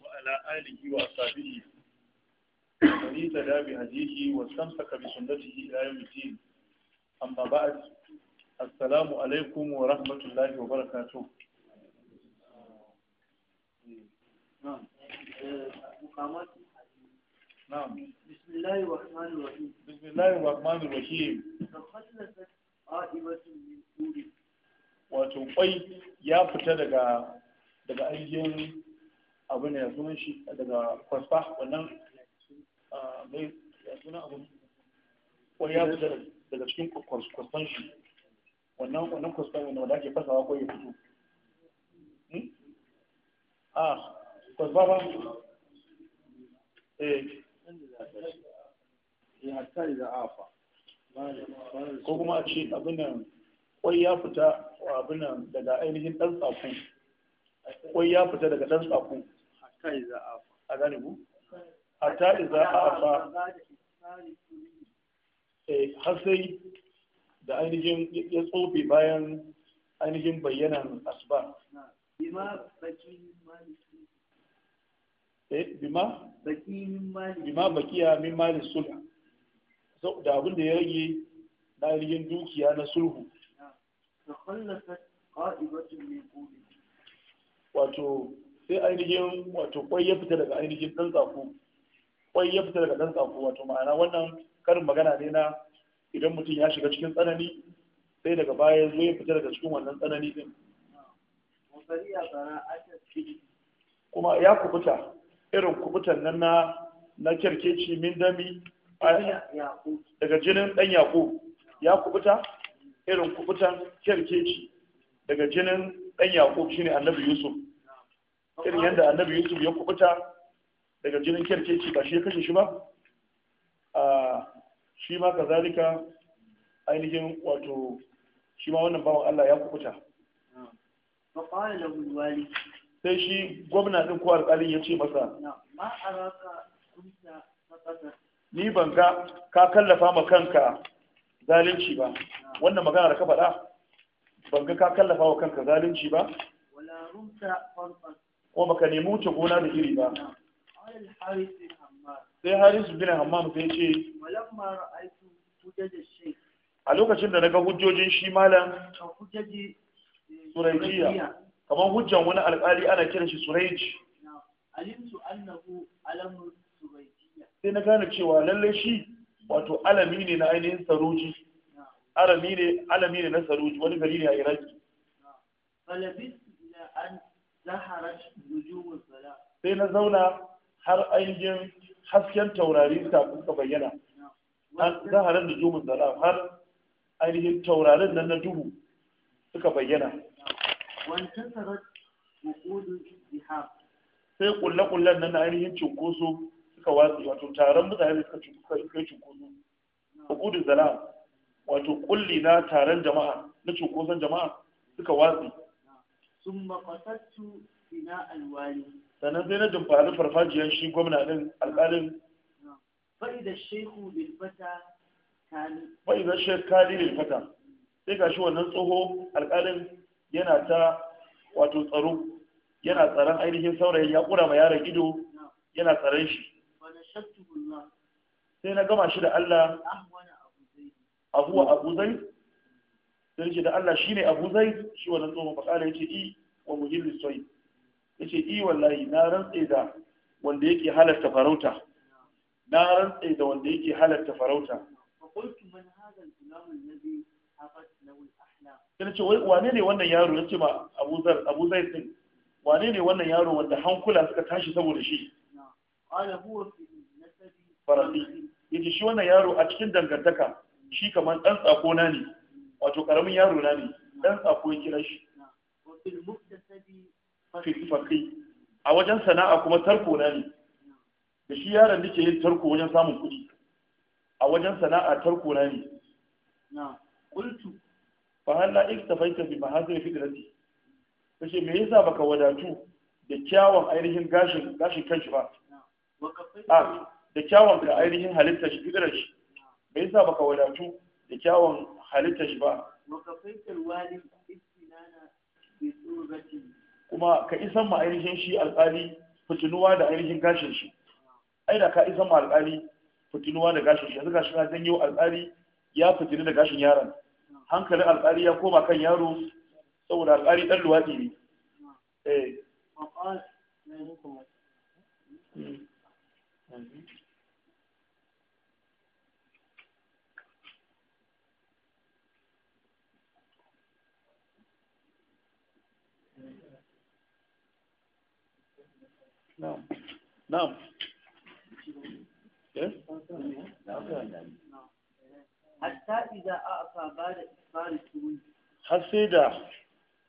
وعلى آله وأصحابه ومن اهتدى بهديه واستمسك بسنته إلى يوم الدين أما بعد السلام عليكم ورحمة الله وبركاته نعم بسم الله الرحمن الرحيم بسم الله الرحمن الرحيم تخلصت قائمة من طول wato kwai ya daga aikin abin da ya sunan shi daga kwasfa wannan mai ya sunan abin wani ya fita daga cikin kwasfan shi wannan wannan kwasfan wanda wanda ake fasawa ko ya fito hmm? a kwasfa ba eh. fa ko kuma a ce abin nan kwai ya fita abin nan daga ainihin ɗan tsakon kwai ya fita daga ɗan tsako a gane ku hatta iza afa eh har sai da ainihin ya tsofe bayan ainihin bayyanan asba bima eh, bima bakiya min mali sulhu da abin da ya rage na ainihin dukiya na sulhu تخلفت قائمة من قوله wato sai ainihin wato kwai ya fita daga ainihin dan tsako kwai ya fita daga dan tsako wato ma'ana wannan karin magana ne na idan mutum ya shiga cikin tsanani sai daga baya zo ya fita daga cikin wannan tsanani din kuma ya kubuta irin kubutan nan na na kyarkeci min dami daga jinin ɗan yaƙo ya kubuta irin kubutan kyarkeci daga jinin dan yaqub shine annabi yusuf irin yadda annabi yusuf ya kubuta daga jinin kerkeci ba shi ya kashe shi ba a shi ma kazalika ainihin wato shi ma wannan bawan Allah ya kubuta sai shi gwamna din ko alƙalin ya ce masa ni ban ga ka kallafa ma kanka zalunci ba wannan magana da ka faɗa ban ga ka kallafa wa kanka zalunci ba ko baka nemi wuce gona da iri ba sai harisu bin hammam sai ce a lokacin da na ga hujjojin shi malam eh, suraijiya kamar hujjan wani alƙali ana kiran shi suraiji sai na gane cewa lallai shi wato alami ne na ainihin saruji alami ne alami ne na saruji wani gari ne a iraki sai na zauna har ainihin hasken taurari kuka bayyana zaharar da jumin zala, har ainihin taurarin nan na duhu suka bayyana sai kulle-kullen nan na ainihin cunkoso suka watsi wato taron mutane suka yi cunkoso a gudun zalam wato kulli na taron jama'a na cunkoson jama'a suka watsi sun mafasattu ina alwali sannan sai na dumfari farfajiyar shi gwamna din alƙalin fa'ida shehu lilfata kani fa'ida shehu kani lilfata sai ga shi wannan tsoho alƙalin yana ta wato tsaro yana tsaron ainihin saurayin ya ƙura ma yaron ido yana tsaron shi sai na gama shi da Allah a abu zai sai ce da Allah shi ne abu zai shi wannan tsohon fakala ya ce i wa muhimmi soyi ya ce i wallahi na rantse da wanda yake halarta farauta na rantse da wanda yake halarta farauta sai ce wane ne wannan yaro ya ce ma abu zai din wane ne wannan yaro wanda hankula suka tashi saboda shi farafi ya ce shi wannan yaro a cikin dangantaka shi kamar ɗan tsako na ne wato ƙaramin yaro na ne ɗan tsako ya kira shi a wajen sana'a kuma tarko na ne da shi yaron da ke yin tarko wajen samun kuɗi a wajen sana'a tarko na ne qultu fa hal la iktafaita bi mahazir fitrati kace me yasa baka wadatu da kyawun ainihin gashin gashin kanshi ba a da kyawun da ainihin halittar shi fitrar shi me yasa baka wadatu da kyawun halitta shi ba kuma ka isan ma ainihin shi alƙali fitinuwa da ainihin gashin shi ai da ka isan ma alƙali fitinuwa da gashin shi yanzu gashi na janyo alƙali ya fitinu da gashin yaron hankalin alƙali ya koma kan yaro saboda alƙali ɗan luwaɗi ne eh نعم نعم حتى idza afa بعد isfari tuni har sai da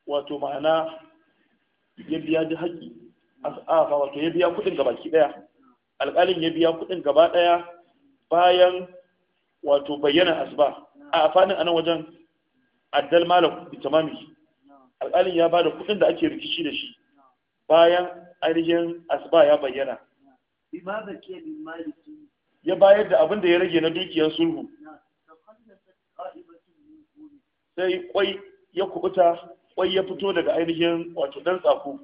wato ma'ana ya biya da haƙi wato ya biya kuɗin gabaki ɗaya alƙalin ya biya bayan wato bayyana asba a afanin anan wajen addal malam bitamami alƙalin ya ba da kuɗin da ake rikici da shi bayan ainihin asuba ya bayyana ya bayar da abin da ya rage na dukiyar sulhu sai kwai ya kubuta kwai ya fito daga ainihin wato dan tsako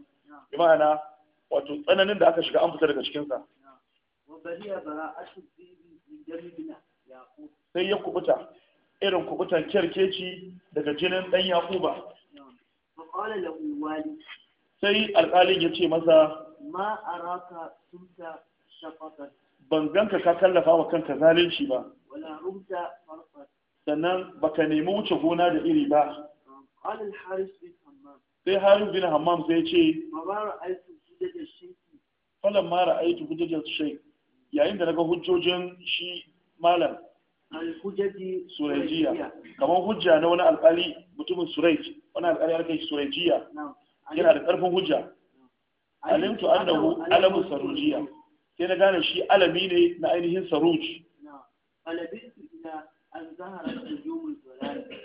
bi ma'ana wato tsananin da aka shiga an fita daga cikinsa sai ya kubuta irin kubutan kyarkeci daga jinin dan yakuba sai alƙalin ya ce masa ma araka tumta shafaqan ban ganka ka kallafa wa kanka zalunci ba wala rumta farfan sannan baka nemi wuce gona da iri ba qala al-haris bin hammam sai haris bin hammam sai ya ce ma ba ra'aytu hujjaj shayki falan ma ra'aytu hujjaj shayk yayin da naga hujjojin shi malam al-hujjaji surajiya kamar hujja na wani alƙali mutumin suraji wani alƙali ya kai surajiya na'am yana da ƙarfin hujja alimtu annahu alamu sarujiya sai na gane shi alami ne na ainihin Saruj.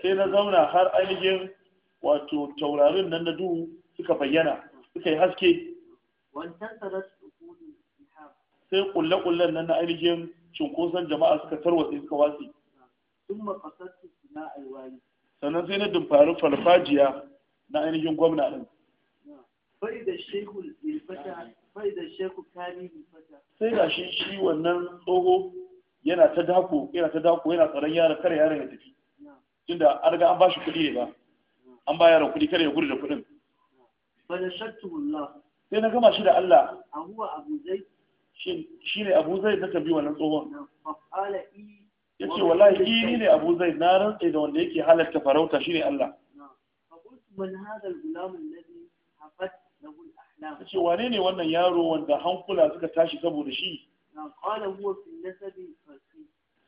sai na zauna har ainihin wato taurarin nan na duhu suka bayyana suka yi haske sai kulle-kullen nan na ainihin cunkoson jama'a suka tarwatsa suka wasi. sannan sai na dumfari farfajiya na ainihin gwamna ɗin sai ga shi shi wannan tsoho yana ta dako yana ta dako yana tsaron yara kare yara ya tafi inda an riga an ba shi kuɗi ne ba an ba yaron kuɗi kare ya gudu da kuɗin sai na gama shi da Allah shi ne abu zai na tambi wannan tsohon ya ce wallahi ni ne abu zai na rantsai da wanda yake halatta farauta shi ne Allah Na ce wane ne wannan yaro wanda hankula suka tashi saboda shi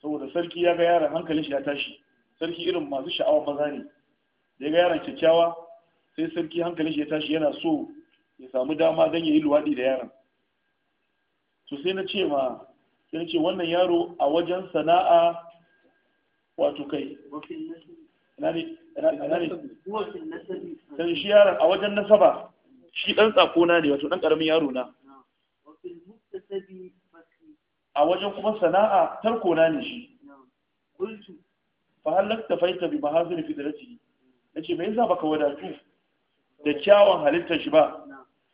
saboda sarki ya ga yaron hankalin shi ya tashi sarki irin masu sha'awa maza ne da ya ga yaron kyakkyawa sai sarki hankalin shi ya tashi yana so ya samu dama don ya yi luwaɗi da yaron to sai na ce ma sai na ce wannan yaro a wajen sana'a wato kai ina ne ina ne shi yaron a wajen nasaba shi ɗan tsakona ne wato dan karamin yaro na a wajen kuma sana'a tarkona ne shi fa ta faita bi mahazin fidrati nace me yasa baka wadatu da kyawun halittar shi ba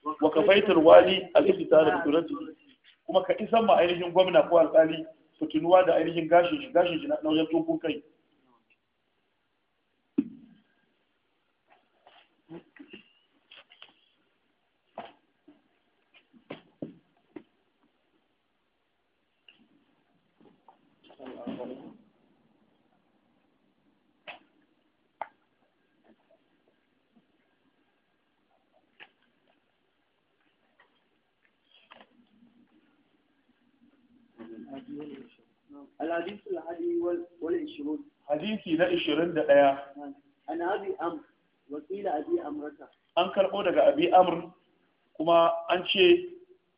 wa ka kafaitar wali al-iftar da fidrati kuma ka isan ma ainihin gwamna ko alƙali fitinuwa da ainihin gashin shi gashin shi na wajen tokun kai الحديث الحادي والعشرون حديثي لا عشرين دقيقة أنا أبي أمر وقيل أبي أمرته an karɓo daga abi amr kuma an ce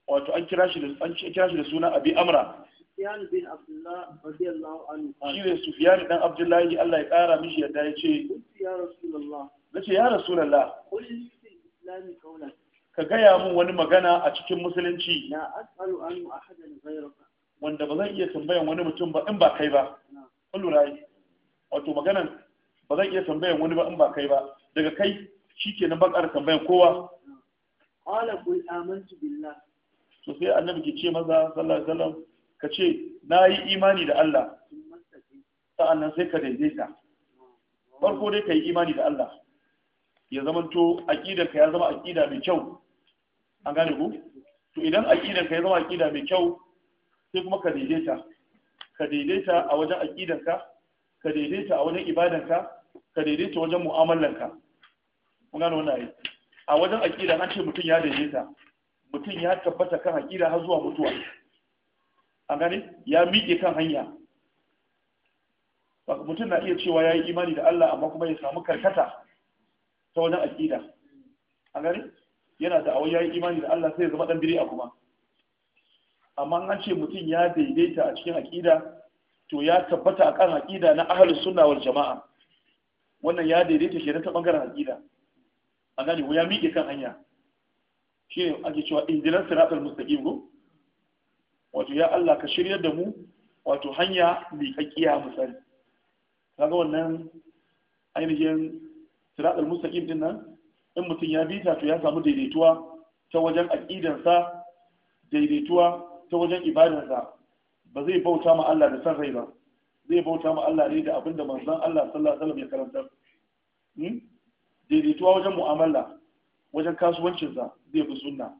wato an kira shi da an kira shi da suna abi amra Sufyan bin Abdullah radiyallahu anhu shi ne Sufyan dan Abdullahi Allah ya ƙara mishi yadda ya ce ya Rasulullah nace ya Rasulullah qul islami qawlan ka gaya mun wani magana a cikin musulunci na as'alu anhu ahadan ghayraka wanda ba zan iya tambayan wani mutum ba in ba kai ba kun lura yi wato maganan ba zan iya tambayan wani ba in ba kai ba daga kai shikenan ba ƙara tambayan kowa qala qul amantu billah to sai annabi ke ce maza sallallahu alaihi wasallam ka ce na yi imani da Allah sa'annan sai ka daidaita farko dai ka yi imani da Allah ya to zamanto ka ya zama aqida mai kyau an gane ku to idan ka ya zama aqida mai kyau sai kuma ka daidaita ka daidaita a wajen aqidanka ka daidaita a wajen ibadanka ka daidaita wajen mu'amalanka mun gano wannan ayi. a wajen aqida an ce mutum ya daidaita mutum ya tabbata kan aqida har zuwa mutuwa an gane ya miƙe kan hanya mutum na iya cewa ya yi imani da Allah amma kuma ya samu karkata ta wajen aƙida a gani yana da awai ya yi imani da Allah sai ya zama ɗan biri a kuma amma an ce mutum ya daidaita a cikin aƙida to ya tabbata a kan aƙida na ahalus suna wal jama'a wannan ya daidaita shi ta bangaren aƙida A gani ya miƙe kan hanya shi ne ake cewa indiran siratul mustaqim go wato ya Allah ka shiryar da mu wato hanya miƙaƙiya misali kaga wannan ainihin siratul mustaqim din nan in mutum ya bi ta to ya samu daidaituwa ta wajen aƙidansa daidaituwa ta wajen ibadarsa ba zai bauta ma Allah da san rai ba zai bauta ma Allah ne da abin da manzon Allah sallallahu alaihi wasallam ya karantar hmm? daidaituwa wajen mu'amala wajen kasuwancinsa zai fi sunna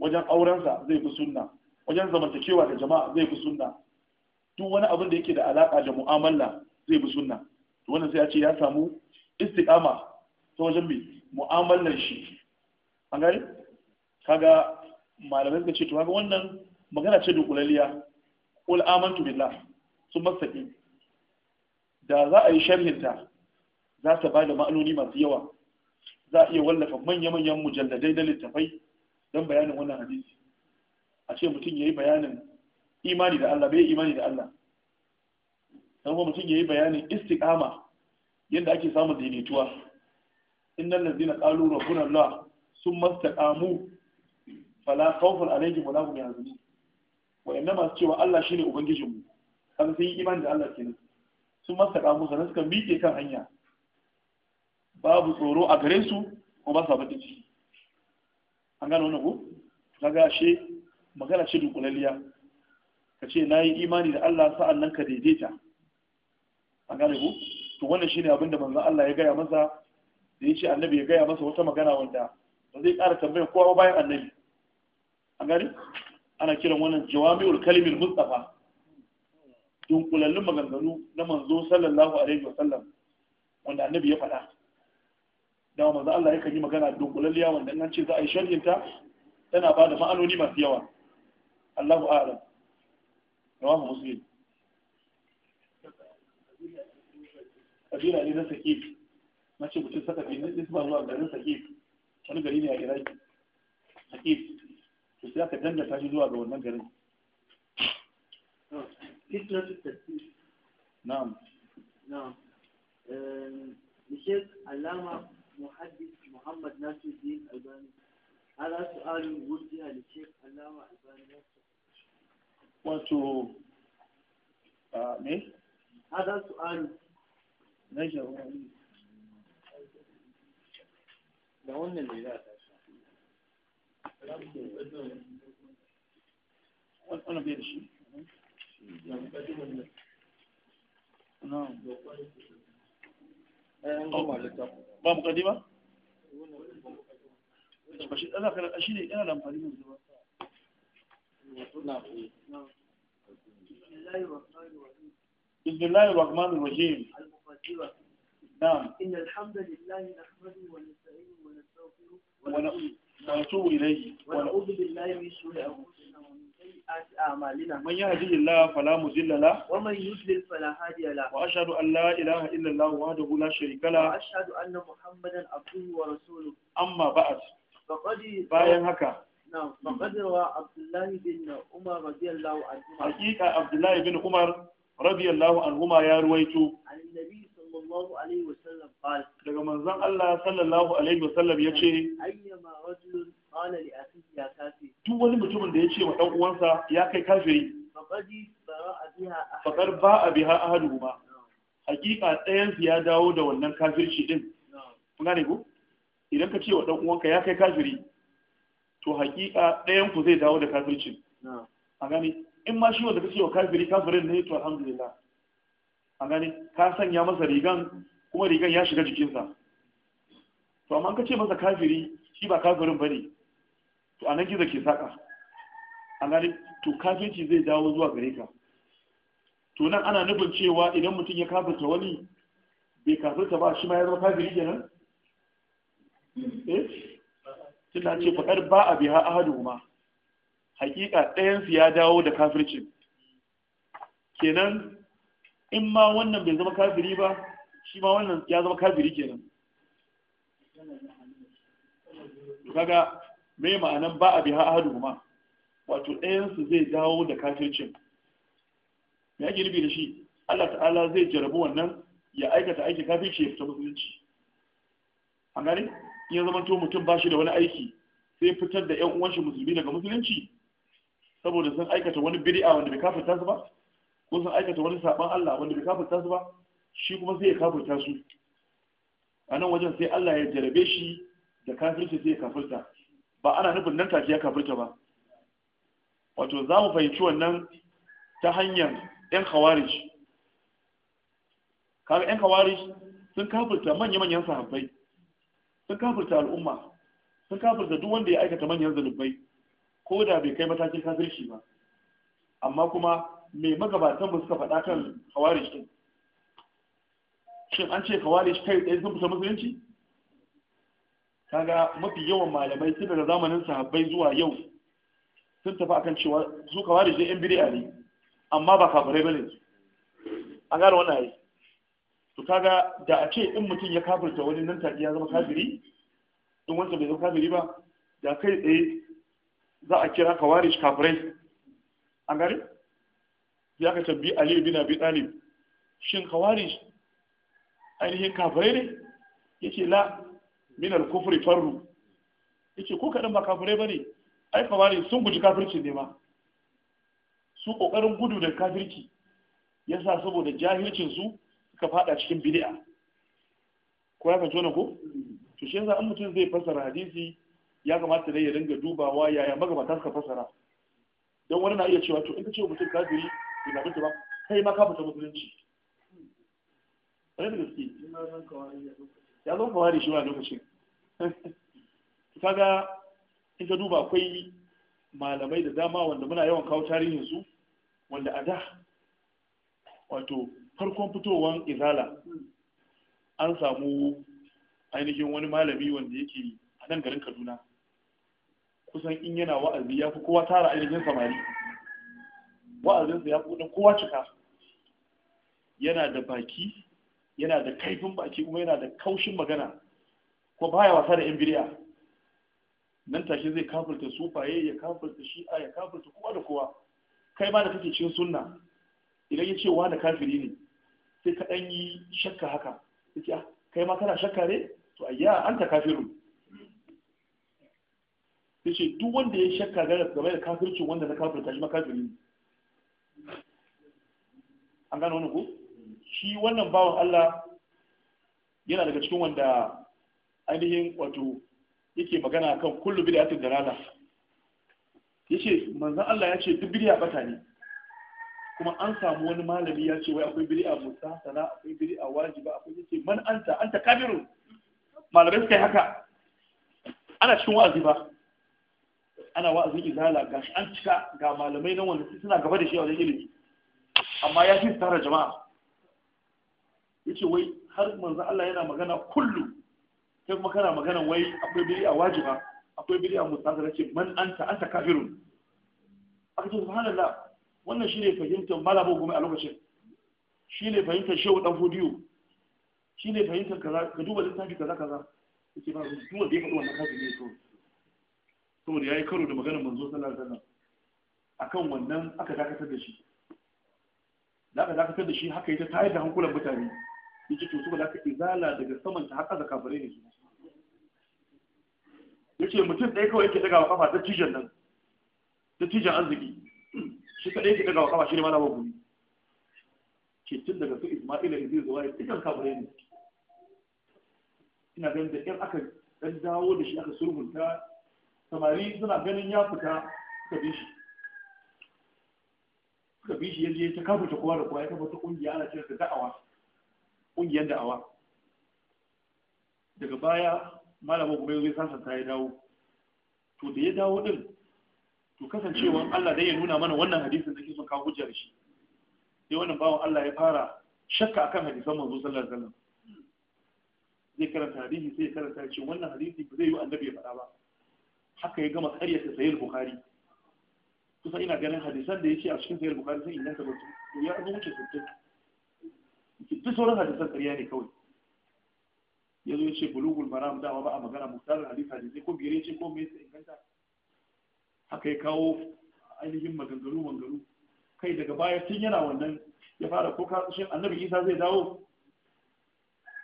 wajen aurensa zai fi sunna wajen zamantakewa da jama'a zai fi sunna duk wani abin da yake da alaka da mu'amala zai fi sunna to wannan sai ya ce ya samu istiqama ta wajen mai mu'amalar shi an gani kaga malamai suka ce to kaga wannan magana ce da dukulaliya qul amantu billah sun mastaqim da za a yi sharhinta za ta bada ma'anoni masu yawa za a iya wallafa manya-manyan mujalladai da littafai don bayanin wannan hadisi a ce mutum ya yi bayanin imani da Allah bai imani da Allah don kuma mutum ya yi bayanin istiqama yadda ake samun daidaituwa innal ladzina qalu rabbuna Allah summa istaqamu fala khawfun alaihim wala hum yahzanun wa'annan masu cewa Allah shi ne ubangijinmu kasa sun yi iman da Allah kenan sun masaka musa na suka miƙe kan hanya babu tsoro a gare su ko ba su baƙin ciki an gano ku na kaga she magana ce dukulaliya ka ce na yi imani da Allah sa'an nan ka daidaita an gane ku to wannan shi ne abin da manzan Allah ya gaya masa da ya ce annabi ya gaya masa wata magana wanda ba zai ƙara tambayar kowa bayan annabi an gani. ana kiran wannan jawami'ul kalimul mustafa dunkulallun maganganu na manzo sallallahu alaihi wasallam wanda annabi ya faɗa da manzo Allah yakan yi magana dunkulalliya wanda an ce za a yi sharhin ta tana ba da ma'anoni masu yawa Allahu a'lam rawahu muslim kabila ne na sakif na mutum saka bi nisba zuwa garin sakif wani gari ne a iraki sakif to sai aka danganta shi zuwa ga wannan garin na'am na'am علامة محدث محمد ناصر الدين الباني هذا سؤال وجه للشيخ علامة الباني wato ne? hada su'alu na jawo da wannan da وانا بيمشي نعم ما مقدمة؟ أنا كان أشيلي أنا لم نعم. بسم الله الرحمن الرحيم نعم إن الحمد لله نحمده ونستعينه ونستغفره ونؤمن ونتوب إليه ونعوذ بالله من شرور أنفسنا ومن سيئات أعمالنا من يهده الله فلا مضل له ومن يضلل فلا هادي له وأشهد أن لا إله إلا الله وحده لا شريك له وأشهد أن محمدا عبده ورسوله أما بعد فقد باين هكا نعم فقد روى عبد الله بن عمر رضي الله عنهما حقيقة عبد الله بن عمر رضي الله عنهما يا رويتو عن النبي sallallahu alaihi wasallam qala daga manzon Allah sallallahu alaihi wasallam yace ayyama rajulun qala li akhihi ya ce. duk wani mutumin da yace wa dan uwansa ya kai kafiri faqad ba'a biha ahaduhuma hakika ɗayan su ya dawo da wannan kafirci din kun gane ko idan ka ce wa dan uwanka ya kai kafiri to hakika ɗayan ku zai dawo da kafircin a gane in ma shi wanda ka ce wa kafiri kafirin ne to alhamdulillah a gani ka sanya masa rigan kuma rigan ya shiga jikinsa to amma ka ce masa kafiri shi ba kafirin bane to anan gizo ke saka a gani to kafirci zai dawo zuwa gare ka to nan ana nufin cewa idan mutum ya kafirta wani bai kafirta ba shi ma ya zama kafiri kenan eh tunda ce faɗar ba a biha ma hakika ɗayan su ya dawo da kafircin kenan in ma wannan bai zama kafiri ba shi ma wannan ya zama kafiri kenan kaga mai ma'anan ba a biha ahadu kuma wato ɗayansu zai dawo da kafircin me ake nufi da shi Allah ta'ala zai jarabu wannan ya aikata aiki kafirci ya fita musulunci an gane ya zama to mutum ba shi da wani aiki sai fitar da 'yan uwan shi musulmi daga musulunci saboda sun aikata wani bid'a wanda bai kafirta su ba ko sun aikata wani saban Allah wanda bai kafirta su ba shi kuma sai ya kafirta su a nan wajen sai Allah ya jarabe shi da kafirci sai ya kafirta ba ana nufin nan take ya kafirta ba wato za mu fahimci wannan ta hanyar yan khawarij kaga yan khawarij sun kafirta manya-manyan sahabbai sun kafirta al'umma sun kafirta duk wanda ya aikata manyan zalubai ko da bai kai matakin kafirci ba amma kuma me magabatan mu suka faɗa kan kawarish ɗin? shin an ce kawarish kai ɗaya sun fita musulunci kaga mafi yawan malamai tun daga zamanin sahabbai zuwa yau sun tafi akan cewa su kawarish ɗin yan bid'a ne amma ba kafirai bane an gane wannan ai to kaga da a ce in mutum ya kafirta wani nan take ya zama kafiri in wancan bai zama kafiri ba da kai tsaye za a kira kawarish kafirai an gane ya ka tabbi Ali bin Abi Talib shin khawarij ainihin kafirai ne yace la min al-kufri farru yace ko kadan ba kafirai bane ai khawarij sun guji kafirci ne ma su kokarin gudu da kafirci yasa saboda jahilcin su suka fada cikin bid'a ko ya fahimci wannan ko to shi yasa an mutum zai fasara hadisi ya kamata ne ya dinga dubawa yaya magabata suka fasara. don wani na iya cewa to in ka ce mutum kafiri ina ba kai ma ka fita musulunci wani da gaske ya zo shi wani lokacin kaga in ka duba akwai malamai da dama wanda muna yawan kawo tarihin su wanda a da wato farkon fitowar izala an samu ainihin wani malami wanda yake a nan garin kaduna kusan in yana wa'azi ya fi kowa tara ainihin samari wa'azinsa ya buɗe kowa cika yana da baki yana da kaifin baki kuma yana da kaushin magana ko baya wasa da yan biriya nan take zai kafulta sufaye ya kafirta shi'a ya kafulta kowa da kowa kai ma da kake cin sunna idan ya ce wa da kafiri ne sai ka ɗan yi shakka haka yake ah, kai ma kana shakka ne to ayya an ta kafirun ce duk wanda ya shakka game da kafircin wanda na kafirta shi ma kafiri ne an gano wani ku shi wannan bawan Allah yana daga cikin wanda ainihin wato yake magana kan kullu bid'atin dalala ce manzan Allah ya ce duk bid'a bata ne kuma an samu wani malami ya ce wai akwai Musa, Sana, akwai bid'a wajiba akwai yace man anta anta kabiru malamai suka yi haka ana cikin wa'azi ba ana wa'azin izala gashi an cika ga malamai nan wanda suna gaba da shi a wajen ilimi amma ya fi tara jama'a Ya ce, wai har manzo Allah yana magana kullu sai kuma kana magana wai akwai biri a wajiba akwai biri a mustahara ce man anta anta kafirun aka ce subhanallah wannan shine fahimtar malabo kuma a lokacin shine fahimtar shehu dan fudiyo shine fahimtar kaza ka duba littafi kaza kaza yace ba su wanda ya faɗi wannan kafiri ne to saboda yayi karo da maganar manzo sallallahu alaihi wasallam akan wannan aka dakatar da shi da aka dakatar da shi haka ita tayar da hankulan mutane yace to saboda haka izala daga saman ta haka da kafare ne su yace mutum ɗaya kawai yake daga wa kafa ta tijan nan ta tijan arziki shi kaɗai yake daga wa kafa shi ne malama gumi ke tun daga su isma'ila da zai zuwa ya tijan kafare ne ina ganin da ƴan aka ɗan dawo da shi aka sulhunta samari suna ganin ya fita suka bi shi suka bi shi ya ta kafa ta kowa da kowa ya kafa ta kungiya ana cewa da'awa kungiyar da'awa daga baya malamin kuma yanzu sasanta ya dawo to da ya dawo din to kasancewan Allah dai ya nuna mana wannan hadisin da ke son kawo hujjar shi sai wannan bawan Allah ya fara shakka akan hadisan manzo sallallahu alaihi wasallam zai karanta hadisi sai ya karanta ce wannan hadisi ba zai yi annabi ya faɗa ba haka ya gama karyata sayyid bukhari kusan ina ganin hadisan da ya ce a cikin sayar bukari sun inganta ba su ya abu wuce sittin duk sauran hadisan ƙarya ne kawai ya zo ya ce bulugul maram dawa ba a magana muktarar hadis hadisai ko biyar ya ce ko mai su inganta haka ya kawo ainihin maganganu maganganu kai daga baya tun yana wannan ya fara ko kashin annabi isa zai dawo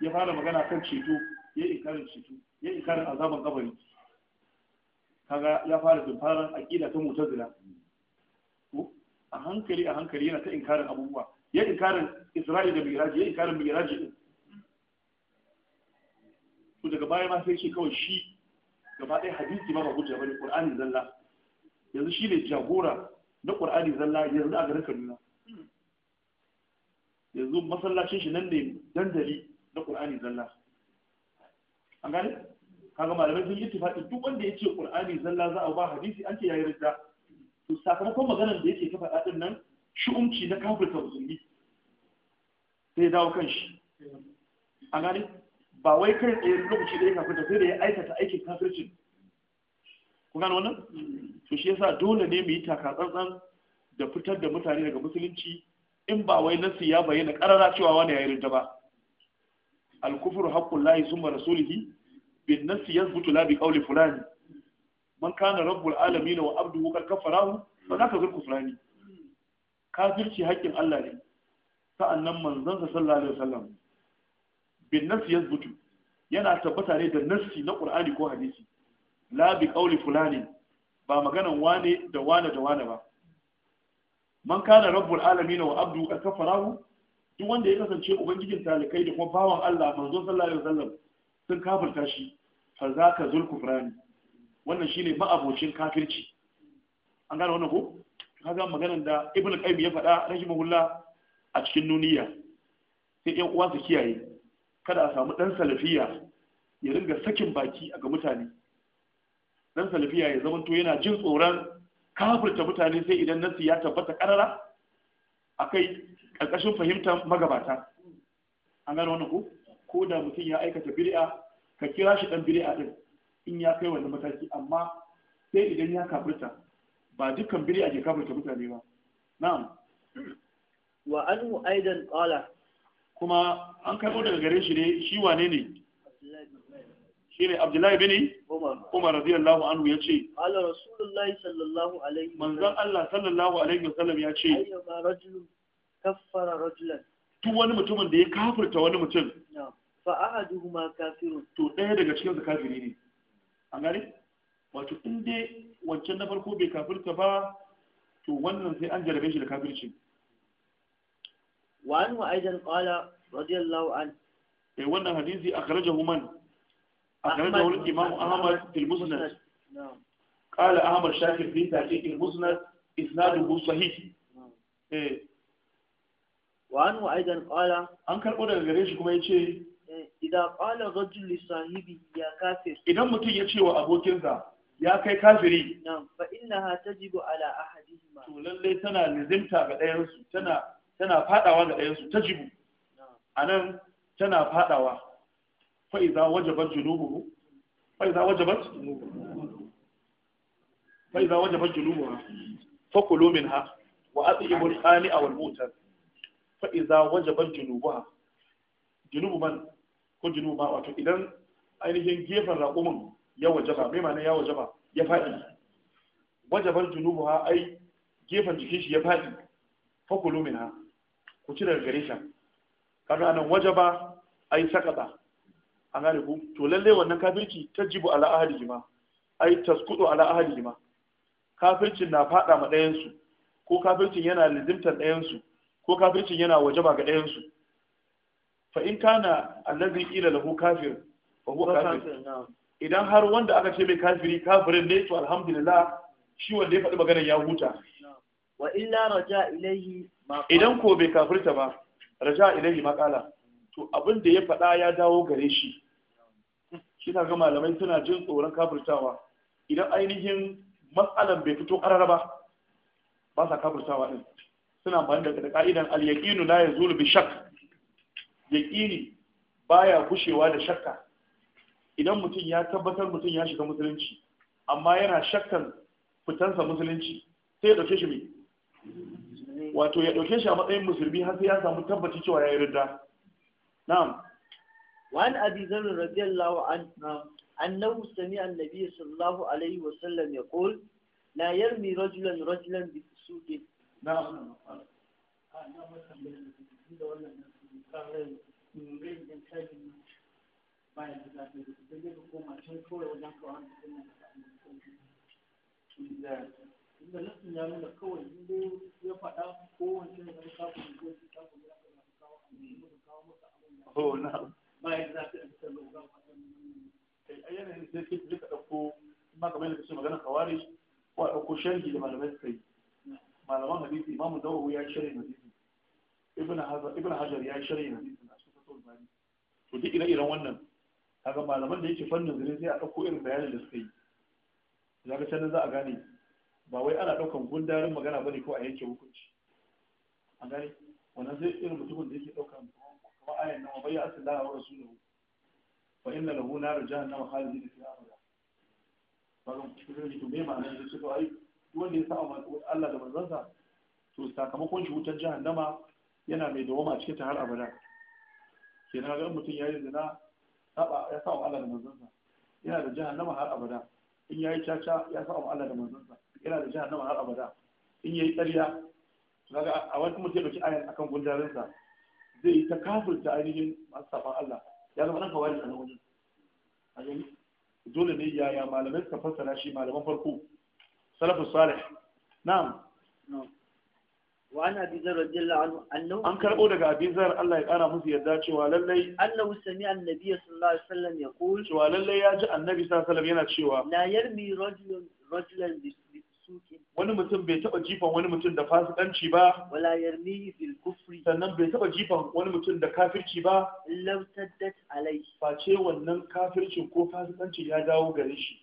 ya fara magana kan ceto ya yi inkarin ceto ya yi inkarin azaban kabari kaga ya fara dumfaran aƙida ta mutazila a hankali a hankali yana ta inkarin abubuwa ya inkarin isra'i da miraji ya inkarin miraji din to daga baya ma sai kawai shi gaba ɗaya hadisi ma ba hujja bane qur'ani zalla yanzu shi ne jagora na ƙur'anin zalla yanzu a garin Kaduna yanzu masallacin shi nan ne dandali na ƙur'anin zalla an gane kaga malamai sun yi tufaɗi duk wanda ya ce ƙur'anin zalla za a ba hadisi an ce yi ridda sakamakon maganar da yake ta faɗa nan shi'umci na kafirta musulmi sai ya dawo kan shi a gane ba wai kai tsaye lokaci da ya kafirta sai da ya aikata aikin kafircin ku gane wannan to shi yasa dole ne mu yi takatsantsan da fitar da mutane daga musulunci in ba wai nasu ya bayyana karara cewa wani ya yi rinta ba alkufur haƙƙun layi sun mara rasulihi bin nasu ya zubutu labi ƙaunin fulani man kana rabbul alamin wa abduhu kal kafarahu fa zaka zul kufrani kafirci haƙƙin Allah ne sa'annan manzon sa sallallahu alaihi wasallam bin nas yazbutu yana tabbata ne da nassi na Qur'ani ko hadisi la bi qawli fulani ba maganan wane da wane da wane ba man kana rabbul alamin wa abduhu kal kafarahu duk wanda ya kasance ubangijin talikai da kuma bawan Allah manzon sallallahu alaihi wasallam sun kafirta shi fa zaka zul kufrani wannan shine ma'abocin kafirci an gane wannan ko ka ga maganar da ibnu qayyim ya faɗa rahimahullah a cikin nuniya sai ƴan uwa su kiyaye kada a samu ɗan salafiya ya ringa sakin baki ga mutane dan salafiya ya zamanto yana jin tsoron kafirta mutane sai idan nasu ya tabbata karara akai ƙarƙashin fahimtar magabata an gane wannan ko ko da mutum ya aikata bid'a ka kira shi ɗan bid'a din in ya kai wani mataki amma sai idan ya kafirta ba dukkan a ke kafirta mutane ba na'am wa anhu aidan qala kuma an karbo daga gare shi ne shi wane ne shine Abdullahi bin Umar radiyallahu anhu yace Allah Rasulullahi sallallahu alaihi manzon Allah sallallahu alaihi wasallam yace ayyuma rajulun kaffara rajulan wani mutumin da ya kafirta wani mutum fa ahaduhuma kafirun to daya daga cikin su kafiri ne an gari? wato in dai wancan na farko bai kafirta ba to wannan sai an jarabe shi da kafirci wa an wa aidan qala radiyallahu an eh wannan hadisi akhrajahu man akhrajahu al-imam ahmad fil musnad ahmad shakir fi tafi al isnadu isnaduhu sahih eh wa an wa an karɓo daga gare shi kuma ya ce. idan kala rajul li sahibi ya kafir idan mutum ya ce wa abokinsa ya kai kafiri na'am fa innaha tajibu ala ahadihima to lalle tana lazimta ga ɗayan su tana tana fadawa ga ɗayan su tajibu anan tana fadawa fa idza wajabat junubuhu fa idza wajabat fa idza wajabat junubuha fa kulu minha wa at'imu al-qani'a wal mutar fa idza wajabat junubuha junubu man kujinu ba wato idan ainihin gefen raƙumin ya wajaba mai ma'ana ya wajaba ya faɗi wajabar junubu ha ai gefen jikin shi ya faɗi fakulu min ha ku ci daga gare shi kaga anan wajaba ai sakata an gane ku to lalle wannan kafirci jibu ala ahlihi ma ai tasqutu ala ahlihi ma kafircin na faɗa ma ɗayan su ko kafircin yana lizimtar ɗayan su ko kafircin yana wajaba ga ɗayan su fa in kana allazi qila lahu kafir idan har wanda aka ce mai kafiri kafirin ne to alhamdulillah shi wanda ya faɗi maganar ya huta wa idan ko bai kafirta ba raja ilayhi ma to abin da ya faɗa ya dawo gare shi shi ga malamai suna jin tsoron kafirtawa idan ainihin matsalan bai fito ƙarara ba ba sa kafirtawa din suna amfani da ka'idan al-yaqinu la yazulu bi shakk yaƙini baya gushewa da shakka idan mutum ya tabbatar mutum ya shiga musulunci amma yana shakkan fitansa musulunci sai ya ɗauke shi mai wato ya ɗauke shi a matsayin musulmi har sai ya samu tabbaci cewa ya yi rinda. na'am وعن أبي ذر رضي الله عنه أنه سمع النبي صلى الله عليه وسلم يقول لا يرمي رجلا رجلا نعم kawai yin intelligent baya da zafi da zai koma can kawai wajen kawai da kuma da inda nufin ya nuna kawai inda ya faɗa ko wancan ya zama kafin ko shi kafin ya zama kawo abin da kawo masa ibn hajar ya yi shari'in hadisin a cikin fatul bani. to duk ire-iren wannan kaga malaman da yake fannin zire sai a dauko irin bayanin da suka yi zaga can za a gane ba wai ana ɗaukan gundarin magana bane ko a yanke hukunci A gane wannan zai irin mutumin da yake ɗaukan kamar ayan nan bai asin da wa rasuluhu fa inna lahu nar jahannama khalidin fiha abada ba zan kuskure ne to me ma'anar da suka ai wanda ya sa Allah da manzansa to sakamakon shi wutar jahannama yana mai dawoma a cikin ta har abada kenan ga mutum ya yi zina ya sa wa Allah da manzansa yana da jahannama har abada in ya yi caca ya sa wa Allah da manzansa yana da jahannama har abada in ya yi na ga a wani mutum ya ɗauki ayan akan gundarinsa zai yi ta kafirta ainihin masu saban Allah ya zama nan kawai da nan wajen a dole ne yaya malamai suka fassara shi malaman farko salafus salih na'am وعن ابي ذر رضي الله عنه انه ان كربو daga abi Allah ya kara musu yadda cewa lallai annahu sami'a annabi sallallahu alaihi wasallam yaqul cewa lallai ya ji annabi sallallahu alaihi wasallam yana cewa la yarmi rajulun rajulan wani mutum bai taba jifan wani mutum da fasikanci ba wala yarmihi bil kufri sannan bai taba jifan wani mutum da kafirci ba lam taddat alai face wannan kafircin ko fasikanci ya dawo gare shi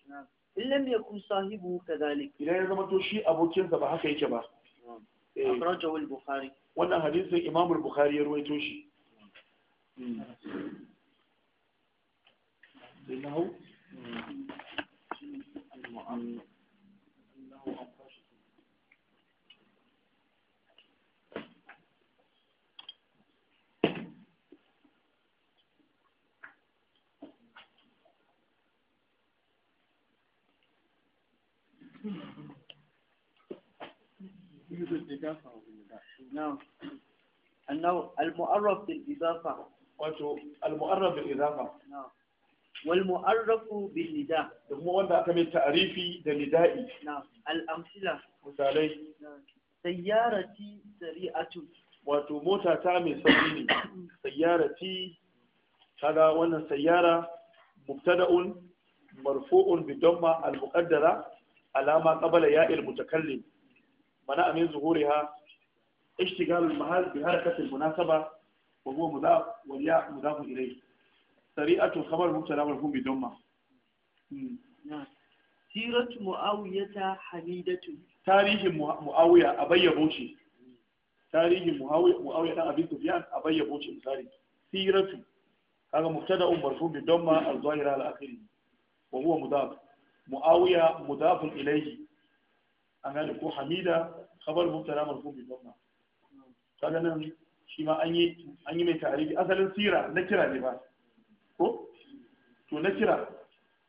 illam yakun sahibu kadhalik idan ya zama to shi abokinsa ba haka yake ba akhrajahu eh, bukhari wannan hadisin imam al-bukhari ya ruwaito shi sai hmm. hmm. تفيد الإضافة نعم أنه المؤرف بالإضافة wato al-mu'arraf bil idafa wal mu'arraf bil da kuma wanda aka mai ta'arifi da nida'i al-amsila misalai wato mota ta mai sauri ne sayyarati kaga wannan sayyara mubtada'un marfu'un bi damma al-muqaddara alama qabla ya'il mana amin zuhuriha ishtigalul mahal bi harakatil munasaba wa huwa mudaf wal ya mudaf ilayhi sari'atu khabar mubtada wal hum bi damma hmm. sirat muawiyata hamidatu tarihin tarihin muawiya dan abi sufyan abayyabo misali siratu kaga mubtada um marfu bi wa an gane ko hamida khabar mubtada marfu bi dhamma kaga nan shi ma an yi an yi mai ta'arifi asalin sira na kira ne ba ko to na kira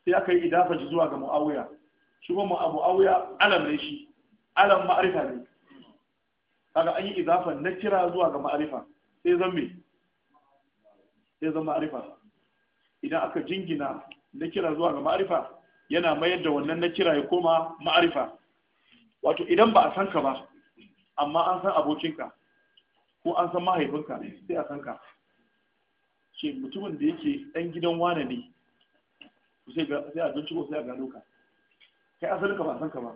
sai aka yi idafa zuwa ga muawiya shi kuma abu awiya alam ne shi alam ma'rifa ne kaga an yi idafa na kira zuwa ga ma'arifa sai zan me sai zan ma'arifa idan aka jingina na kira zuwa ga ma'arifa yana mayar da wannan na kira ya koma ma'arifa wato idan ba a san ka ba amma an san abokinka ko an san mahaifinka sai a san ka ce mutumin da yake ɗan gidan wane ne sai a ko sai a gano ka kai asalin ka ba san ka ba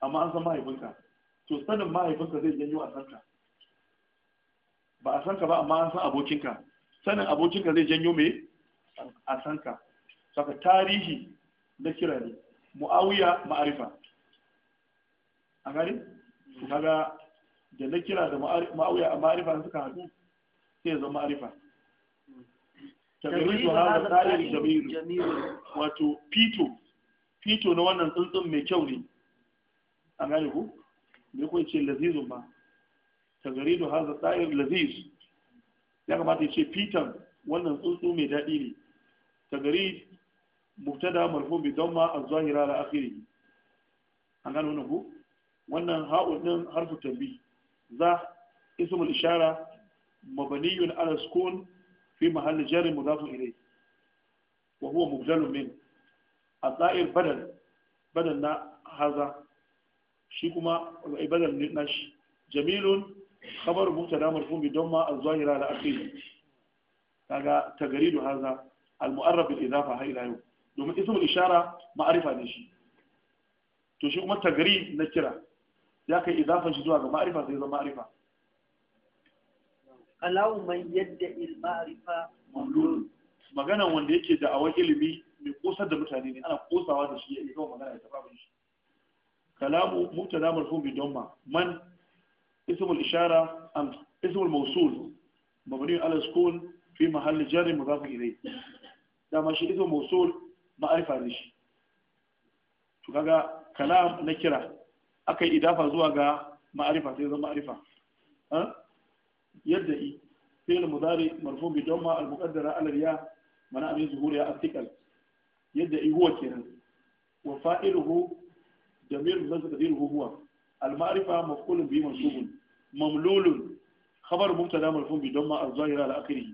amma an san mahaifinka to sanin mahaifinka zai janyo a san ka ba a san ka ba amma an san abokinka sanin abokinka zai janyo me a san ka saka tarihi na kira ne mu'awiya ma'arifa a gari su kaga da na kira da ma'auya a ma'arifa suka haɗu sai zama ma'arifa tagarizu hada tsarin jami'u wato fito fito na wannan tsuntsun mai kyau ne a gane ku me kuwa ce lazizun ba tagarizu hada tsarin laziz ya kamata ya ce fitan wannan tsuntsu mai daɗi ne gari mubtada marfu bi ma a zahira ala akhirih an gano wannan ku wannan ha'ul din harfu tambi za ismul ishara mabniyun ala sukun fi mahalli jarri mudafun ilayhi wa huwa mubdalun min asair badal badal na haza shi kuma badal ne na shi jamilun khabar mubtada marfun bi damma az-zahira ala akhir kaga da haza al-mu'arraf bil idafa ha ila yau domin ismul ishara ma'arifa ne shi to shi kuma tagari na kira ya kai idafan shi zuwa ga ma'arifa zai zama ma'arifa kalawu mai yadda il ma'arifa mamlul magana wanda yake da awon ilimi mai kusa da mutane ne ana kusawa da shi ya yi kawai magana ya tafa shi kalamu mubtada marfu bi damma man ismul ishara an ismul mausul mabni ala sukun fi mahalli jarri mudaf irai dama shi ismul mausul ma'arifa ne shi to kaga kalam na kira aka yi idafa zuwa ga ma'arifa sai zama ma'arifa yadda i fi'il mudari marfu bi ma al muqaddara ala ya mana amin zuhuri ya article yadda i huwa kenan wa fa'iluhu damir mustaqdiruhu huwa al ma'rifa maf'ulun bi mansubun mamlulun khabar mubtada marfu bi damma al zahira ala akhirih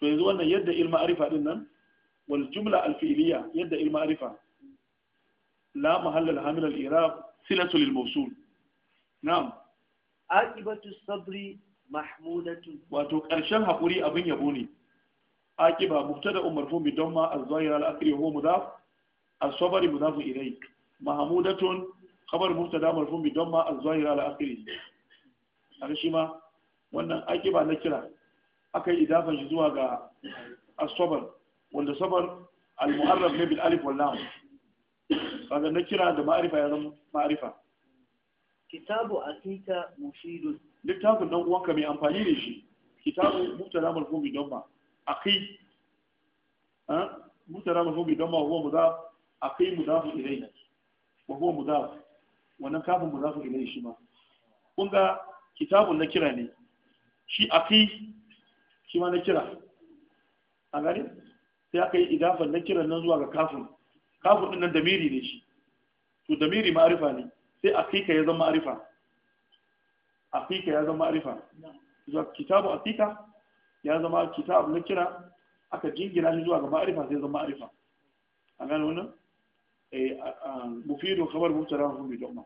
to yanzu wannan yadda il ma'rifa din nan wal jumla al fi'liya yadda il ma'rifa la mahalla al hamil al i'rab silatu lil mawsul na'am aqibatu sabri mahmudatu wato karshen hakuri abin yabo ne aqiba mubtada marfu bi damma az-zahir al-akhir huwa mudaf as-sabr mudaf ilayh mahmudatun khabar mubtada marfu bi damma az-zahir al-akhir har shi wannan aqiba na kira akai idafan shi zuwa ga as-sabr wanda sabr al-mu'arraf ne bil alif kaga na kira da ma'arifa ya zama ma'arifa kitabu akika Mushidu. littafin dan uwanka mai amfani da shi kitabu mubtada marfu don ma akai ha mubtada marfu bi ma huwa mudaf aqi mudaf ilayhi wa huwa mudaf wannan kafin mudaf ilayhi shi ma kun ga kitabun na kira ne shi akai. shi ma na kira a gani sai aka yi idafan na kiran nan zuwa ga kafin kafu din nan damiri ne shi to damiri ma'arifa ne sai akika ya zama ma'arifa akika ya zama ma'arifa zuwa kitabu akika ya zama kitabu na kira aka jingina shi zuwa ga ma'arifa sai zama ma'arifa a gane wannan eh mufidu khabar mutara hu bi dama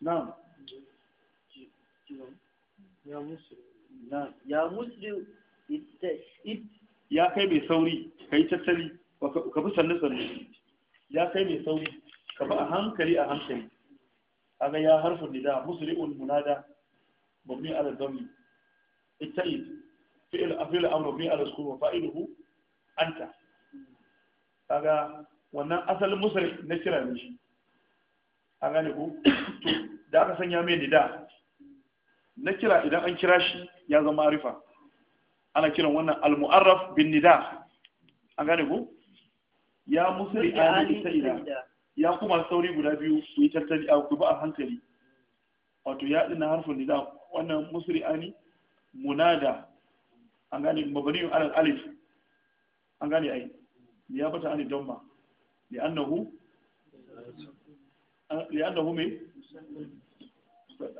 na'am ya muslim ya muslim ya kai bai sauri kai tattali ka bi sannu sannu ya kai mai sauri ka bi a hankali a hankali ga ya harfin nida musri'un munada mabni ala dhammi ittaid fi'l afil babu ne ala sukun wa fa'iluhu anta ga wannan asalin musri na kira ne shi a gane ku da aka sanya mai nida na kira idan an kira shi ya zama arifa ana kiran wannan al-mu'arraf bin nida an gane ku ya musri ani sa'ida ya kuma sauri guda biyu ku yi tattali a kuma ba a hankali wato ya ɗina harfin nida wannan musri ani munada an gane mabani alal alif an gane ai ya bata ani an da hu me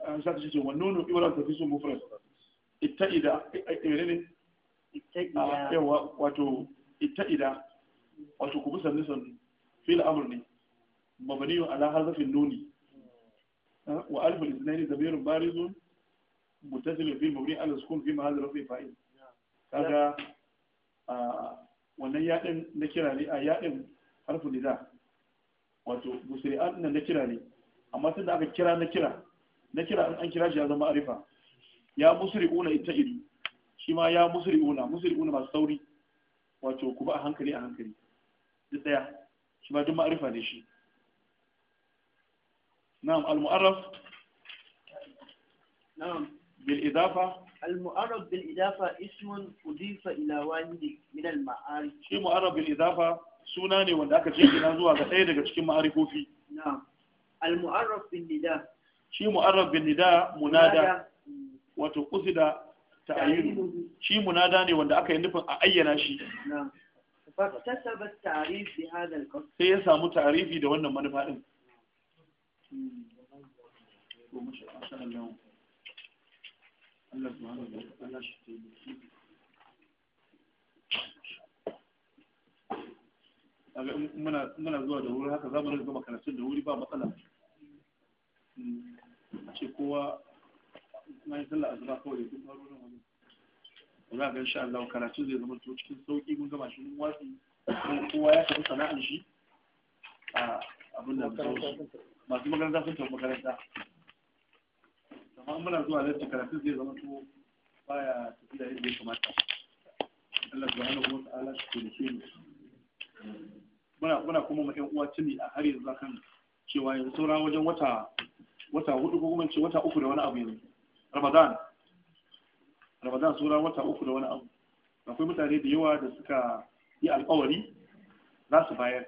an ta shi wa wannan nunu ibra ta fi sun mufrad ittaida ne ittaida yawa wato ida wato ku bi sannu sannu fil amr ne wa ala hazafin nuni wa alif al-ithnaini dhamirun barizun muttasilun fi mabni ala sukun fi mahall rafi fa'il kaga wannan yadin na kira ne a yadin harfin nida wato musri'an na kira ne amma tun da aka kira na kira na kira an kira shi ya zama arifa ya musri'una ita idi shi ma ya musri'una musri'una masu sauri wato ku ba a hankali a hankali duk daya shi ba duk ma'arifa ne shi na'am al-mu'arraf na'am bil idafa al-mu'arraf bil-idafa ismun udifa ila أضيف min al-ma'arif shi mu'arraf bil-idafa suna ne wanda aka ce jingina zuwa ga ɗaya daga cikin ma'arifofi na'am al-mu'arraf bin nida shi mu'arraf bin nida munada wato qusida ta'ayyun shi munada ne wanda aka yi nufin a ayyana shi na'am فاكتسب التعريف بهذا القصد sai ya samu ta'arifi da wannan manufa din muna zuwa da wuri haka zamu rika gama karatun da wuri ba matsala ce kowa kuma yi sallah azura kawai da duk harunan wani za ga insha Allah karatu zai zama to cikin sauki mun gama shi mun wasi kowa ya tafi sana'a shi a abin da masu makaranta sun tafi makaranta amma muna zuwa lati karatu zai zama to baya tafiya yadda ya kamata Allah hana kuma ta'ala shi ke da muna muna kuma mu uwa tuni a har yanzu kan cewa yanzu saura wajen wata wata hudu ko kuma ce wata uku da wani abu yanzu Ramadan ramadan sura wata uku da wani abu akwai mutane da yawa da suka yi alkawari za su bayar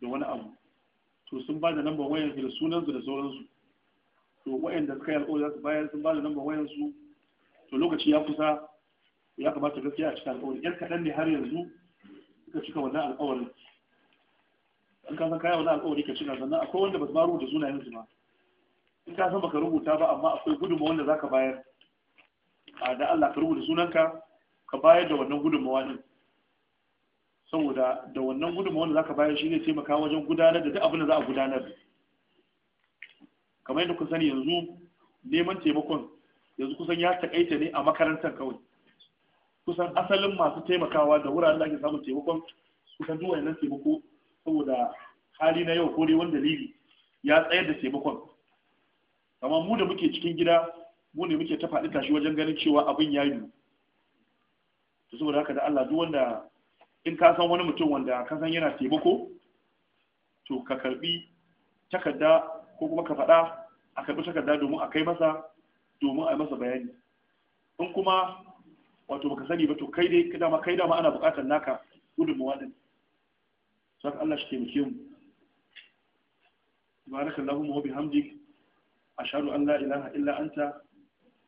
da wani abu to sun ba da lambar wayan da sunansu da sauransu to wayanda suka yi alkawari za su bayar sun ba da lambar wayan su to lokaci ya kusa ya kamata gaskiya a cika alkawari yan kaɗan ne har yanzu suka cika wannan alkawarin in ka san kaya wannan alkawari ka cika sannan akwai wanda ba su ma rubuta sunayen su ba in ka san baka rubuta ba amma akwai gudunmawar wanda zaka bayar a da Allah ka rubuta sunanka ka bayar da wannan gudunmawa din saboda da wannan gudunmawa da zaka bayar shi ne taimaka wajen gudanar da duk abin da za a gudanar kamar yadda kun sani yanzu neman taimakon yanzu kusan ya takaita ne a makarantar kawai kusan asalin masu taimakawa da wuraren da ake samun taimakon kusan duk wannan taimako saboda hali na yau ko dai wani dalili ya tsayar da taimakon amma mu da muke cikin gida mu ne muke ta faɗi tashi wajen ganin cewa abin ya yi to saboda haka da Allah duk wanda in ka san wani mutum wanda ka san yana taimako to ka karbi takarda ko kuma ka faɗa a karbi takarda domin a kai masa domin a yi masa bayani in kuma wato baka sani ba to kai dai dama kai dama ana buƙatar naka gudunmawa din haka Allah shi taimake mu subhanakallahumma wa bihamdik ashhadu an la ilaha illa anta